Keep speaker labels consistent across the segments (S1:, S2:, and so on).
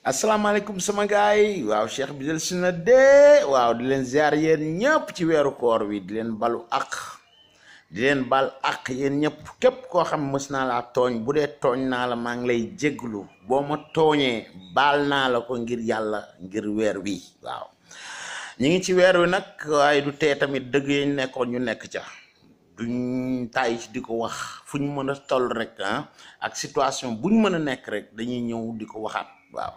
S1: assalamualaikum sama gaay waaw cheikh bi del si waaw di leen ziar yéen ñëpp ci weeru koor wi di leen balu ak di leen bal ak yéen ñëpp kep koo xam mës tony. laa tooñ bu dee tooñ naa la maa ngi lay jéglu boo ma tooñee baal la ko ngir ngir wi waaw ñi ngi ci di wax toll rek ah ak situation buñ mën nekk rek dañuy ñëw di waaw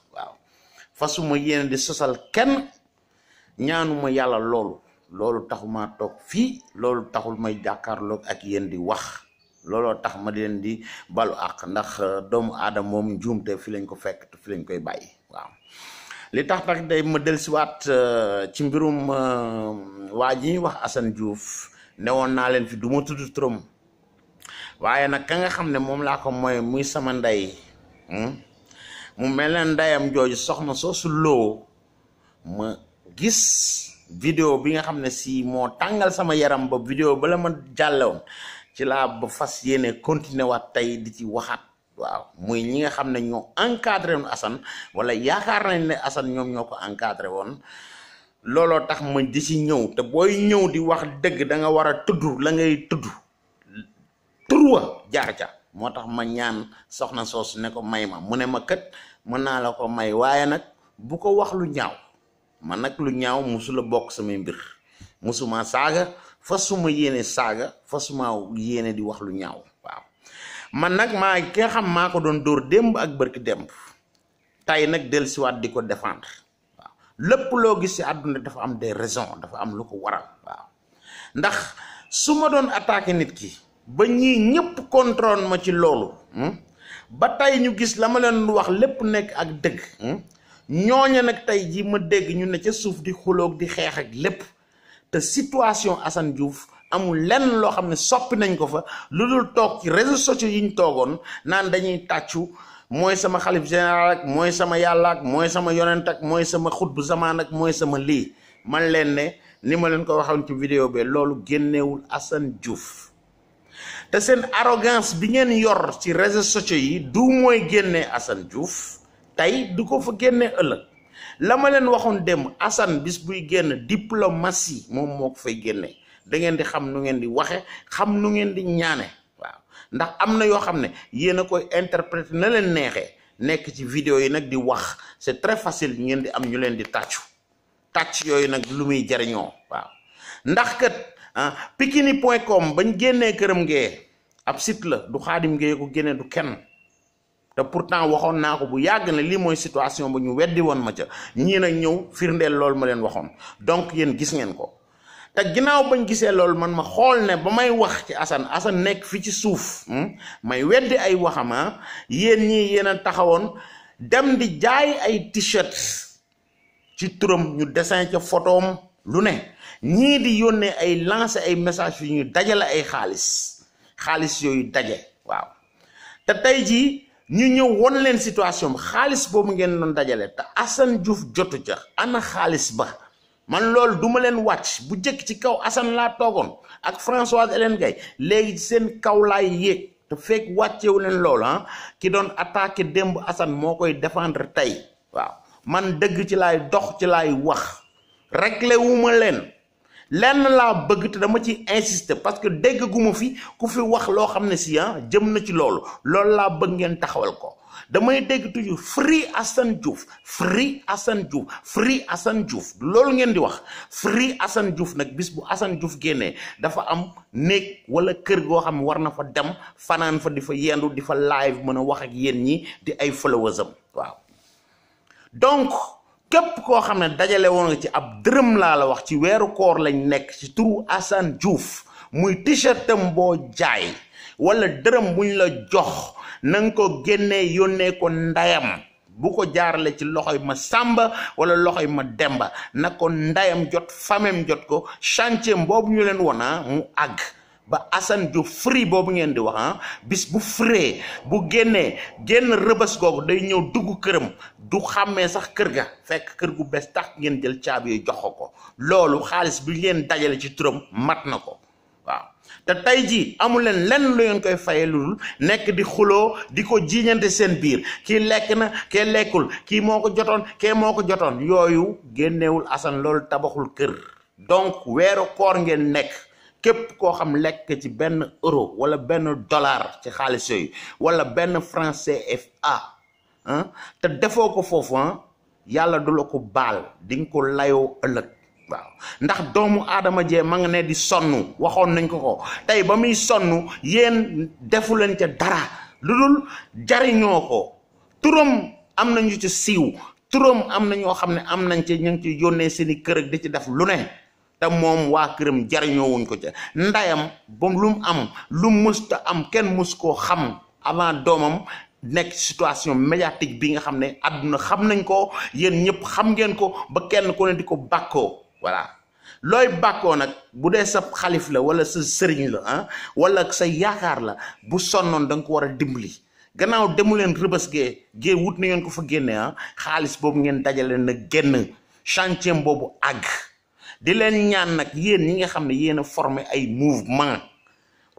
S1: fasuma yene di sosal ken ñaanuma yalla lol loolu taxuma tok fi loolu taxul may lok ak yene di wax looloo tax ma di di balu ak ndax euh, dom adam mom njumte fi lañ ko fekk fi lañ koy bayyi waaw li tax nag day ma delsiwaat euh, ci mbirum euh, waa ji ñuy wax asan Diouf newon na len fi duma tuddu trom waye nak ka nga xamne mom la ko moy muy sama ndey hmm? mu mel ndayam joju jooju soxna loo ma gis video bi nga xamne si mo tangal sama yaram ba video bala ma jàlloon ci la ba fas yene continuer wat tay di ci waxat waaw muy ñi nga xamne ño encadrer won wala yaakar nañ ne Assane ñom ñoko ko won lolo tax ma di ci ñew te boy ñew di wax deug da nga wara tuddu la ngay tuddu jaar jaar moo tax ma ñaan soxna soosu ne ko may ma mu ne ma kët mën naa la ko may waaye nag bu ko wax lu ñaaw man nag lu ñaaw musula bokk samay mbir musuma saaga fa suma yéene saaga fa suma yéene di wax lu ñaaw waaw man nag maa ki xam maa ko doon dóor démb ak bërki démb tey nag dellusiwaat di ko défendre waaw lépp loo gis ci àdduna dafa am des raisons dafa am lu ko waral waaw ndax su ma doon attaqué nit ki ba ñii ñëpp contrôle ma ci loolu hmm? ba tey ñu gis la ma leen wax lépp nekk ak dëgg hmm? ñooña nag tey ji ma dégg ñu ne ca suuf di xuloog di xeex ak lépp te situation Assane Diouf amul lenn loo xam ne soppi nañ ko fa lu dul toog ci réseaux sociaux yi ñu toogoon naan dañuy tàccu mooy sama xalif général ak mooy sama yàlla ak mooy sama yonent ak mooy sama xutbu zamaan ak mooy sama lii man leen ne ni ma leen ko waxoon ci vidéo bi loolu génnewul Assane Diouf te seen arrogance bi ngeen yor ci réseaux sociaux yi du moy génné Assane Diouf tay du ko fa génné ëlëk lama leen waxon dem Assane bis buy génn diplomatie mom moo fay génné da ngeen di xam nu ngeen di waxe xam nu ngeen di ñaané waaw ndax amna na xamné xam ne koy interpréter na leen nexé nek ci vidéo yi nak di wax c'est très facile ngeen di am ñu leen di tàccu tatch yoy nak lu muy jariñoo waaw ndax kat ah pikini point com bañ génnee këram ngee ab site la du xaadim ngee ko génne du kenn te pourtant waxoon naa ko bu yàgg na lii mooy situation ba ñu weddi woon ma ca ñii nag ñëw firndeel loolu ma leen waxoon donc yéen gis ngeen ko te ginnaaw bañ gisee loolu man ma xool ne ba may wax ci Assane Assane nekk fi ci suuf hmm, may weddi ay waxama ah, yéen ñii yéen a taxawoon dem di jaay ay t-shirt ci turam ñu dessin ca photoom lu ne ñii di yónnee ay lance ay message yu ñuy dajale ay xaalis xaalis yooyu daje waaw te tey jii ñu ñëw won leen situation xaalis boobu ngeen doon dajale te Assane Diouf jotu ca ana xaalis ba man loolu duma leen wàcc bu jëkk ci kaw Assane laa toogoon ak Françoise Hélène Gaye léegi seen kaw laay yéeg te fekk wàccewu leen loolu ah ki doon attaqué démb Assane moo koy défendre tey waaw man dëgg ci laay dox ci laay wax réglé leen lenn l'a bëgg te dama ci insister parce que dégg gu ma fi ku fi wax loo xam ne si ah jëm na ci loolu loolu laa bëgg ngeen taxawal ko damay dégg Free Assane Diouf Free Assane Diouf Free Assane Diouf loolu ngeen di wax Free Assane Diouf nag bis bu Assane Diouf génnee dafa am néeg wala kër goo xam ne war na fa dem fanaan fa di fa yendu di fa live mën a wax ak yéen ñi di ay waaw donc. képp koo xam ne dajale woon nga ci ab dërëm laa la wax ci weeru koor lañ nekk ci turu Assane Diouf muy t-shirtam boo jaay wala dërëm buñ la jox nanga ko génnee yónnee ko ndayam bu ko jaarale ci loxoy ma sàmba wala loxoy ma demba na ko ndayam jot famem jot ko chantier boobu ñu leen wona ah, mu àgg ba Assane Diouf free boobu ngeen di wax ah bis bu free bu génnee génn rëbës googu day ñëw dugg këram du xàmmee sax kër ga fekk kër gu bees tax ngeen jël caabi yi jox ko loolu xaalis bi ngeen dajale ci turam mat na ko waaw te tey ji amul leen lenn lu ngeen koy fayee ludul nekk di xuloo di ko jiiñante seen biir kii lekk na kee lekkul kii moo ko jotoon kee moo ko jotoon yooyu génnewul Assane loolu tabaxul kër donc weeru koor ngeen nekk. képp koo xam lekk ci benn euro wala benn dollar ci xaalis yooyu wala benn franc CFA ah te defoo ko foofu yàlla du la ko baal dinga ko layoo ëllëg waaw ndax doomu aadama jee ma nga ne di sonn waxoon nañ ko ko tey ba muy sonn yéen defu leen ca dara lu dul jariñoo ko turam am nañu ci siiw turam am na ñoo xam ne am nañ ci ñu ngi ci yónnee seeni kër di ci def lu ne te moom waa këram jariñoo wuñ ko ca ndayam ba lu mu am lu mësta am kenn mës koo xam avant doomam nekk situation médiatique bi nga xam ne àdduna xam nañ ko yéen ñëpp xam ngeen ko ba kenn ku ne di ko bàkkoo voilà looy bàkkoo nag bu dee sa xalif la wala sa sëriñ la ah wala sa yaakaar la bu sonnoon da nga ko war a dimbali gannaaw demu leen rëbës gee gee wut na ngeen ko fa génnee ah xaalis boobu ngeen dajale na genn chantier boobu àgg di leen ñaan nag yéen ñi nga xam ne yéen a formé ay mouvement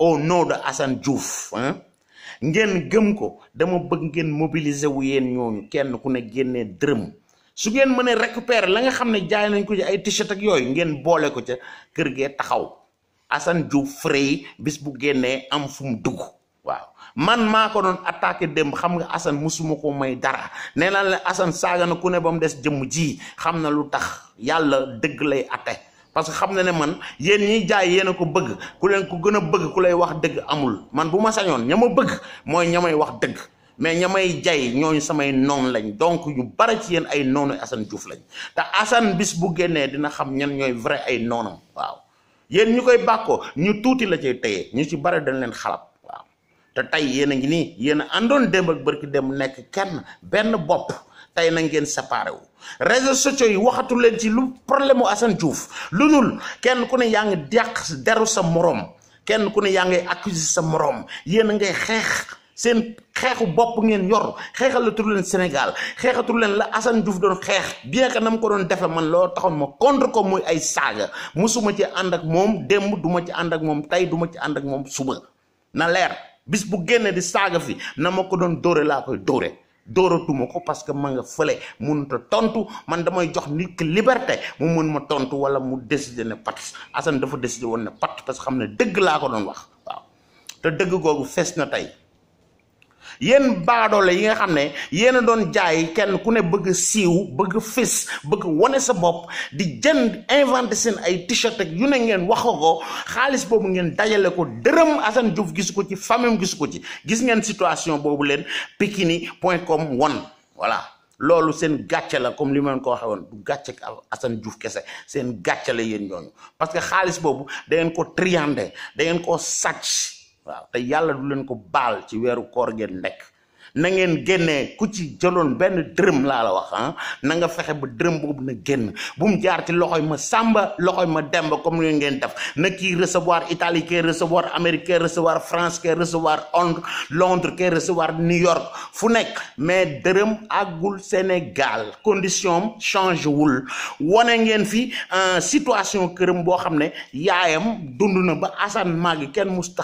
S1: au nom de Assane Diouf ah ngeen gëm ko dama bëgg ngeen mobiliser wu yéen ñooñu kenn ku ne génnee dërëm su ngeen mënee récupérer la nga xam ne jaay nañ ko ci ay t-shirt ak yooyu ngeen boole ko ca kër gee taxaw Assane Diouf Frey bis bu génnee am fu mu dugg. man maa ko doon attaqué démb xam nga Assane musuma koo may dara nee naa la Assane saaga na ku ne ba mu des jëmm jii xam na lu tax yàlla dëgg lay atte parce que xam na ne man yéen ñiy jaay yéen a ko bëgg ku leen ku gën a bëgg ku lay wax dëgg amul man bu ma sañoon ña ma bëgg mooy ña may wax dëgg mais ña may jay ñooñu samay noon lañ donc ñu bare ci yéen ay noonu Assane Diouf lañ te Assane bis bu génnee dina xam ñan ñooy vrai ay noonam waaw yéen ñu koy bàkkoo ñu tuuti la cay téye ñu ci bare dañ leen xalab te tey yéen a ngi nii yéen a àndoon démb ak bërki dem nekk kenn benn bopp tey na ngeen séparé wu réseaux sociaux yi waxatu leen ci lu problème mu Assane Diouf lu dul kenn ku ne yaa ngi dàq deru sa moroom kenn ku ne yaa ngay accuser sa moroom yéen a ngay xeex seen xeexu bopp ngeen yor xeexalatu leen Sénégal xeexatu leen la Assane Diouf doon xeex bien que na mu ko doon defee man loo taxoon ma contre ko muy ay saaga musuma ci ànd ak moom démb duma ci ànd ak moom tey duma ci ànd ak moom suba na leer. bis bu génnee di saaga fi na ma ko doon dóore laa koy dóore dóoratuma ko parce que ma nga fële mënut a tontu man damay jox nit ki liberté mu mën ma tontu wala mu décider ne pat Assane dafa décider woon na pat parce que xam ne dëgg laa ko doon wax waaw te dëgg googu fees na tey yéen baadoole yi nga xam ne yéen a doon jaay kenn ku ne bëgg siiw bëgg fis bëgg wone sa bopp di jën inventer seen ay t-shirt ak yu ne ngeen wax ko xaalis boobu ngeen dajale ko dërëm Assane Diouf gisu ko ci famem gisu ko ci gis ngeen situation boobu leen pikini point com won voilà loolu seen gàcce la comme li ma ko waxee woon du gàcce Assane Diouf kese seen gàcce la yéen ñooñu parce que xaalis boobu da ko triandé da ngeen koo sàcc waaw te yàlla du leen ko baal ci weeru koor ngeen nekk na ngeen génnee ku ci jëloon benn dërëm laa la wax ah na nga fexe ba dërëm boobu na génn bu mu jaar ci loxoy ma sàmba loxoy ma demba comme ni ngeen def na kii recevoir Italie kee recevoir Amérique kee recevoir France kee recevoir Londres Londres kee recevoir New York fu nekk mais dërëm àggul Sénégal condition change wul wane ngeen fi euh, situation këram boo xam ne yaayam dund na ba asan maagi kenn musta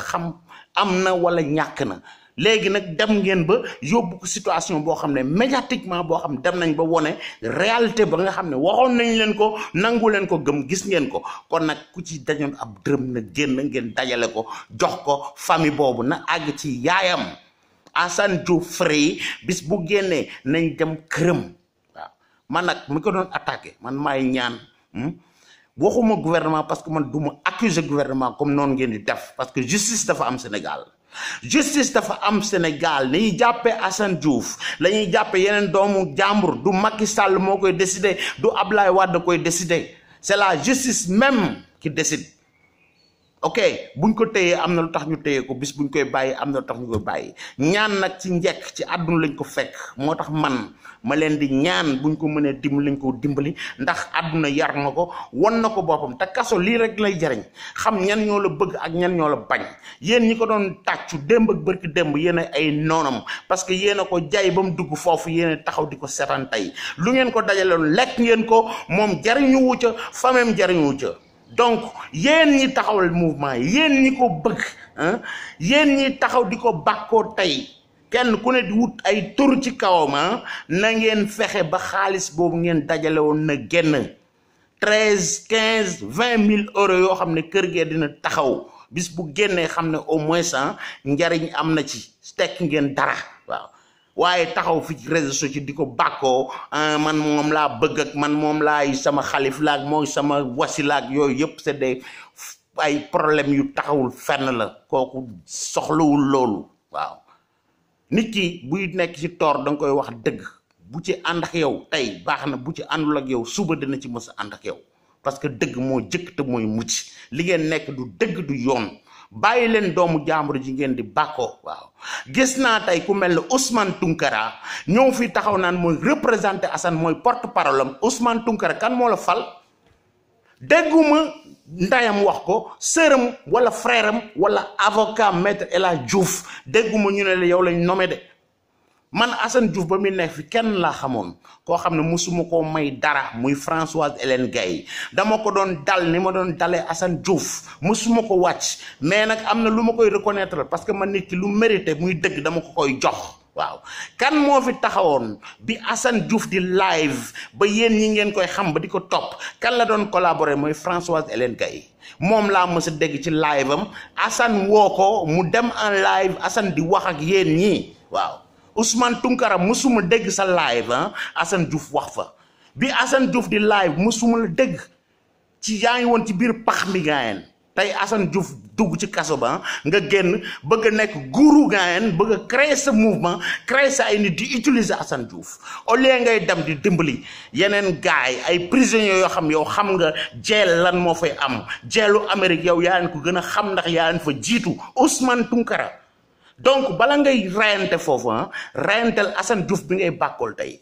S1: am na wala ñàkk na léegi nag dem ngeen ba yóbbu ko situation boo xam ne médiatiquement boo xam dem nañ ba wone réalité ba nga xam ne waxoon nañ leen ko nangu leen ko gëm gis ngeen ko kon nag ku ci dañoon ab dërëm na génn ngeen dajale ko jox ko famille boobu na àgg ci yaayam Assane Diouf Frey bis bu génnee nañ dem këram waaw man nag mi ko doon attaqué man maay ñaan hmm, waxuma gouvernement parce que man gouvernement comme non parce que justice dafa Sénégal justice dafa Sénégal ni jappé Diouf la ni du du Ablaye c'est la justice même qui décide. ok bu ñu ko téyee am na lu tax ñu téyee ko bis buñ koy bàyyi am na lu tax ñu koy bàyyi ñaan nag ci njekk ci àdduna lañ ko fekk moo tax man ma leen di ñaan buñ ko mënee dimbali lañ ko dimbali ndax àdduna yar na ko won na ko boppam te lii rek lay jariñ xam ñan ñoo la bëgg ak ñan ñoo la bañ yéen ñi ko doon tàccu démb ak bërki démb yéen ay noonam parce que yéen a ko jaay ba mu dugg foofu yéen taxaw di ko seetaan tey lu ngeen ko dajaloon lekk ngeen ko moom jariñu wu ca fameem jariñu wu ca donc yéen ñi taxawal mouvement yi yéen ñi ko bëgg yéen ñi taxaw di ko bàkkoo tey kenn ku ne di wut ay tur ci kawam na ngeen fexe ba xaalis boobu ngeen dajale woon na génn treize quinze vingt mille euros yoo xam ne kër gee dina taxaw bis bu génnee xam ne au moins ah njariñ am na ci tekk ngeen dara waaw waaye taxaw fi ci réseaux di ko bàkkoo ah, man moom laa bëgg ak man moom laay sama xalif laag mooy sama wasilaag yooyu yëpp c'est ay problème yu taxawul fenn la kooku soxlawul loolu waaw nit ki buy nekk ci toor danga koy wax dëgg bu ci ànd ak yow tey baax na bu ci àndul ak yow suba dina ci mës a ànd ak yow parce que dëgg moo jëkk te mooy mucc li ngeen nekk du dëgg du yoon bàyyi leen doomu jàmbur ji ngeen di bakkoo waaw gis naa tey ku mel ne Ousmane Tounkara ñëw fi taxaw naan mooy représenté Assane mooy porte parole am Ousmane Tounkara kan moo la fal dégguma ndayam wax ko sëram wala frère wala avocat maître et la Diouf dégguma ñu ne la yow lañu nommé de man Assane Diouf ba muy nekk fi kenn laa xamoon koo xam ne musuma koo may dara muy Françoise Hélène Gaye dama ko doon dal ni ma doon dalee Assane Diouf musuma ko wàcc mais nag am na lu ma koy reconnaître parce que man nit ki lu mérité muy dëgg dama ko koy jox waaw kan moo fi taxawoon bi Assane Diouf di live ba yéen yi ngeen koy xam ba di ko topp kan la doon collaborer mooy Françoise Hélène Gaye moom laa mës a dégg ci live am Assane woo ko mu dem en live Assane di wax ak yéen ñii waaw Ousmane Tunkara musuma deg sa live hein Assane Diouf wax fa bi Assane Diouf di live musuma la deg ci yaa won ci bir pax mi gaayeen tay Assane Diouf dug ci kasso ba nga genn bëgg nek guru gaayeen bëgg créer ce mouvement créer sa ay nit di utiliser Assane Diouf o lieu ngay dam di dimbali yenen gaay ay prisonniers yo xam yo xam nga jeel lan mo fay am jeelu amerique yow yaane ko gëna xam ndax yaane fa jitu Ousmane Tunkara donc bala ngay reyante foofu ah reyantel Assane Diouf bi ngay bàkkool tey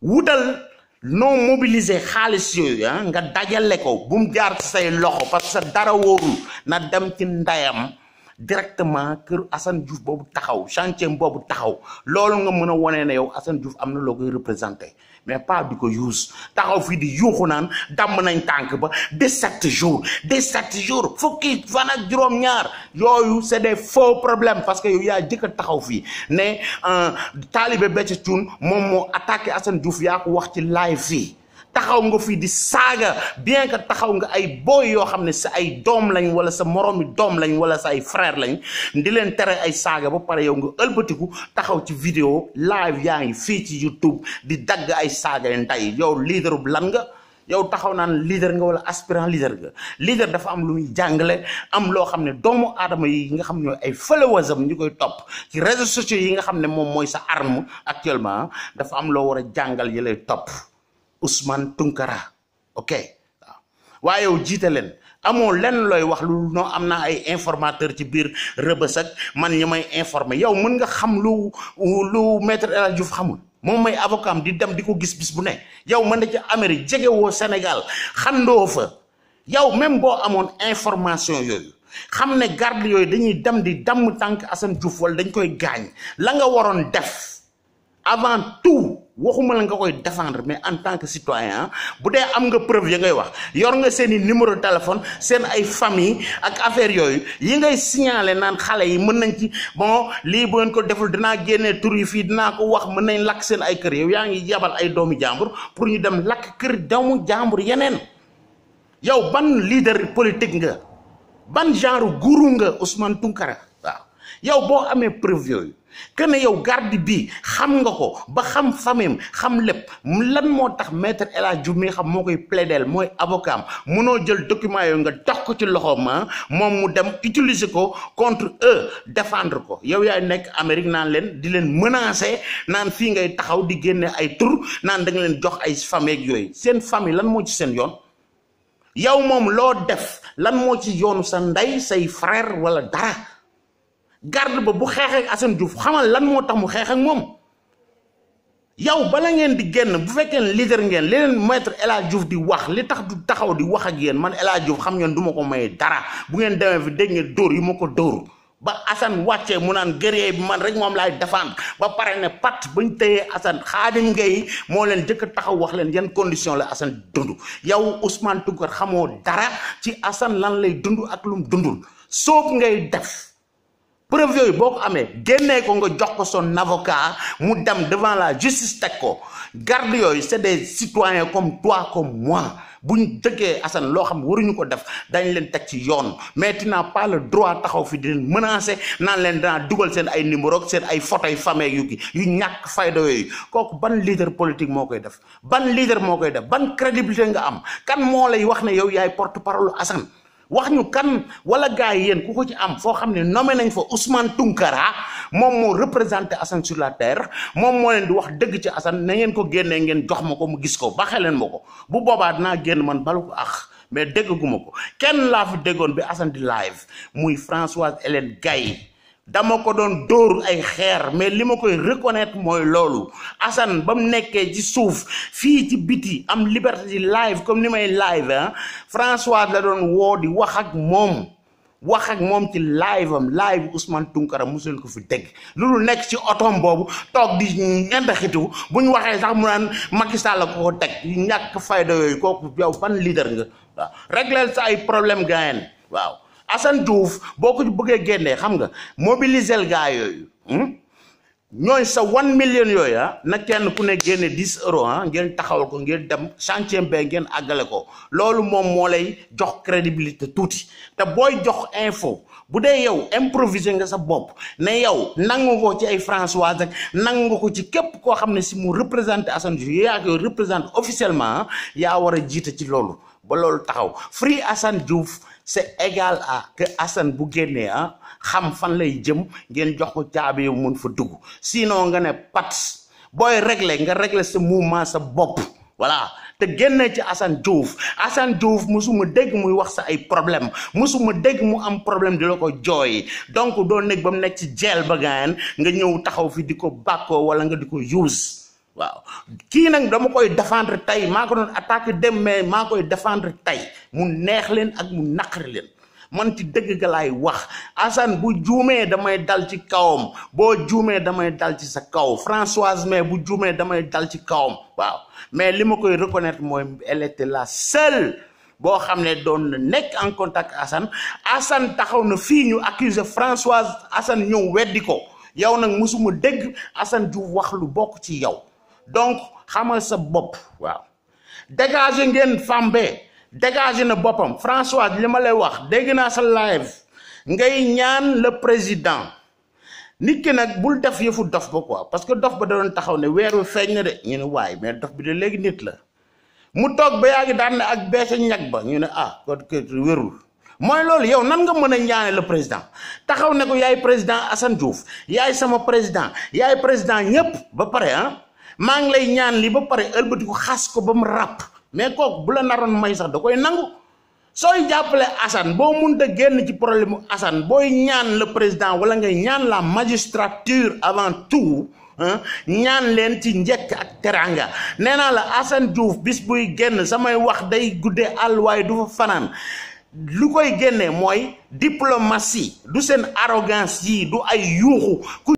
S1: wutal noo mobiliser xaalis yooyu ah nga dajale ko bu mu jaar ci say loxo parce que dara wóorul na dem ci ndayam directement kër Assane Diouf boobu taxaw chantier boobu taxaw loolu nga mën a wonee ne yow Assane Diouf am na loo koy représenté mais pas du coup use taxaw fii di yuuxu naan damm nañ tànk ba des sept jours des sept jours fukki fan ak juróom Yo, yo, c'est des faux problèmes parce que il y jëkk a taxaw né, un Talibé Béthio momo moom moo attaqué Assane Diouf yaa ko wax live vie. taxaw nga fii di saaga bien que taxaw nga ay booy yoo xam ne si ay doom lañ wala sa moroomi doom lañ wala sa ay frère lañ ndi leen tere ay saaga bo pare yow nga ëlbatiku taxaw ci vidéo live yaa ngi fii ci YouTube di dagg ay saaga ndey yow leader bu lan nga. yow taxaw naan leader nga wala aspirant leader nga leader dafa am lu muy jàngale am loo xam ne doomu aadama yi nga xam ñooy ay fëlawasam ñu koy topp ci réseaux sociaux yi nga xam ne moom mooy sa arme actuellement dafa am loo war a jàngal yi lay topp Usman Tunkara ok waaye yow jiite leen amoo lenn looy wax lu no amna ay informateur ci bir rebeusak man ñamay informer. yow mën nga xam lu lu maître Elal Diouf xamul Mom may avocat di dem diko gis bis bu ne yow mën na ci Amérique jégué wo Sénégal xando fa yow même bo amone information yoy xamne garde yoy dañuy dem di dam tank Assane Diouf wal dañ koy gaañ la nga waron def avant tout waxuma la nga koy défendre mais en tant que citoyen bu dee am nga preuve ya ngay wax yor nga seen i numéro téléphone seen ay famille ak affaire yooyu yi ngay signalé naan xale yi mën nañ ci bon lii bu ngeen ko deful dinaa génnee tur yi fii dinaa ko wax mën nañ lakk seen ay kër yow yaa ngi yabal ay doomi jambour pour ñu dem lakk kër doomu jambour yeneen yow ban leader politique nga ban genre guru nga Ousmane Tunkara waaw yow boo amee preuve yooyu que ne yow garde bi xam nga ko ba xam famem xam lépp lan moo tax maître El Hadji Diouf xam moo koy plaidel mooy avocat mënoo jël document yooyu nga dox ko ci loxoom ah, moom mu dem utiliser ko contre eux défendre ko yow yaay nekk Amérique naan leen di leen menacer naan fii ngay taxaw di génne ay tur naan da leen jox ay famille ak yooyu seen famille lan moo ci seen yoon yow moom loo def lan moo ci yoonu sa ndey say frère walla dara garde ba bu xeex ak Assane Diouf xamal lan mo tax mu xex ak mom yow bala ngeen di genn bu fekkee leader ngeen leen maître ela Diouf di wax li tax du taxaw di wax ak yeen man ela Hadj Diouf xam ngeen duma ko may dara bu ngeen demee fi dégg ngeen dor yu mako dor ba Assane wacce mu nan guerrier bi man rek mom lay defaan ba paré né pat buñ téyé Assane Khadim ngey mo leen jëk taxaw wax leen yeen condition la Assane dundu yow Ousmane tougar xamoo dara ci Assane lan lay dundu ak lum dundul soob ngay def preuve yooyu boo ko amee génnee ko nga jox ko son avocat mu dem devant la justice teg ko garde yooyu c'est des citoyens comme toi comme mois bu ñu dëggee assan loo xam waruñu ko def dañ leen teg ci yoon mais tu n'as pas le droit taxaw fi di leen menacer naan leen dinaa dugal seen ay numéro seen ay photo yu famille yu kii yu ñàkk fayda yooyu kooku ban leader politique moo koy def ban leader moo koy def ban crédibilité nga am kan moo lay wax ne yow yaay porte-parole Assane wax ñu kan wala gars yi yéen ku ko ci am foo xam ne nommé nañ fa Ousmane Tounkara moom moo représenté assan sur la terre moom moo leen di wax dëgg ci assan na ngeen ko génnee ngeen jox ma ko mu gis ko baxe leen ma ko bu boobaa dinaa génn man balu ko ax mais dégg guma ko kenn laa fi déggoon bi assan di live muy Françoise Hélène Gaye dama ko doon ay xeer mais li ma koy reconnaître mooy loolu Assane ba mu ci suuf biti am liberté live comme ni live hein. François la doon woo di wax ak moom wax ak moom ci live am live Ousmane Tunkara mosul ko fi dégg loolu nekk ci otoom boobu toog di ñeent bu sax mu naan la ko teg ñàkk fayda yooyu kooku ban leader nga waaw sa ay problème gaayen waaw asan douf boko ko bëggee génnee xam nga mobiliser le gaa hmm ñoy sa one million yoy ha ah, na kenn ku ne génne 10 euros ha ah, ngeen taxawal ko ngeen dem chantier ba ngeen agalé ko loolu mom mo lay jox crédibilité touti té boy jox info bu dee yow improviser nga sa nango né yow nangu ko ci ay françois ak nangu nga ko ci képp ko xamné si mu représenter Assane Diouf ya ko représenter officiellement ah, ya wara jité ci loolu ba loolu taxaw Free Assane Diouf c'est égal à que Assane bu génnee ah xam fan lay jëm ngeen jox ko caabi yow mun fa dugg si sinon nga ne pat booy régle nga régler sa mouvement sa bopp voilà te génne ci Assane Diouf Assane Diouf musuma dégg muy wax sa ay problème musuma dégg mu am problème di la ko jooy donc doo nekk ba mu nekk ci jeel ba gaayan nga ñëw taxaw fi di ko bàkkoo wala nga di ko use waaw kii nag dama koy défendre tey maa ko doon attaqué dem mais maa koy défendre tey mu neex leen ak mu naqari leen man ci dëgg ga laay wax Assane bu juumee damay dal ci kawam boo juumee damay dal ci sa kaw Françoise mais bu juumee damay dal ci kawam waaw mais li ma koy reconnaître mooy elle était la seule boo xam ne doon na nekk en contact Assane Assane taxaw na fii ñu accuser Françoise assan ñëw weddi ko yow nag mosuma dégg Assane ju wax lu bokk ci yow donc xamal sa bop waaw dégagé ngeen Fambe dégagé na bopam François lima lay wax dégg naa sa live ngay ñaan le président nit ki nag bul def yëfu dof ba quoi parce que dof ba da doon taxaw ne weer wi feeñ na de ñu ne waay mais dof bi de léegi nit la mu toog ba yaa ngi daan ne ak beese ñag ba ñu ne ah kon wérul mooy loolu yow nan nga mën a ñaane le président taxaw ne ko yaay président Assane Diouf yaay sama président yaay président ñëpp ba pare ah. mang lay ñaan li ba pare ëlbatiku xass ko ba mu rap mais kooku bu la naron may sax da koy nangu soy jappalé Assane bo munta génn ci problème Assane boy ñaan le président wala ngay ñaan la magistrature avant tout ñaan len ci ñek ak teranga néna Asan la Assane Diouf bis buy génn samay wax day guddé alway du lu lu koy génné moy diplomatie du sen arrogance yi du ay yuxu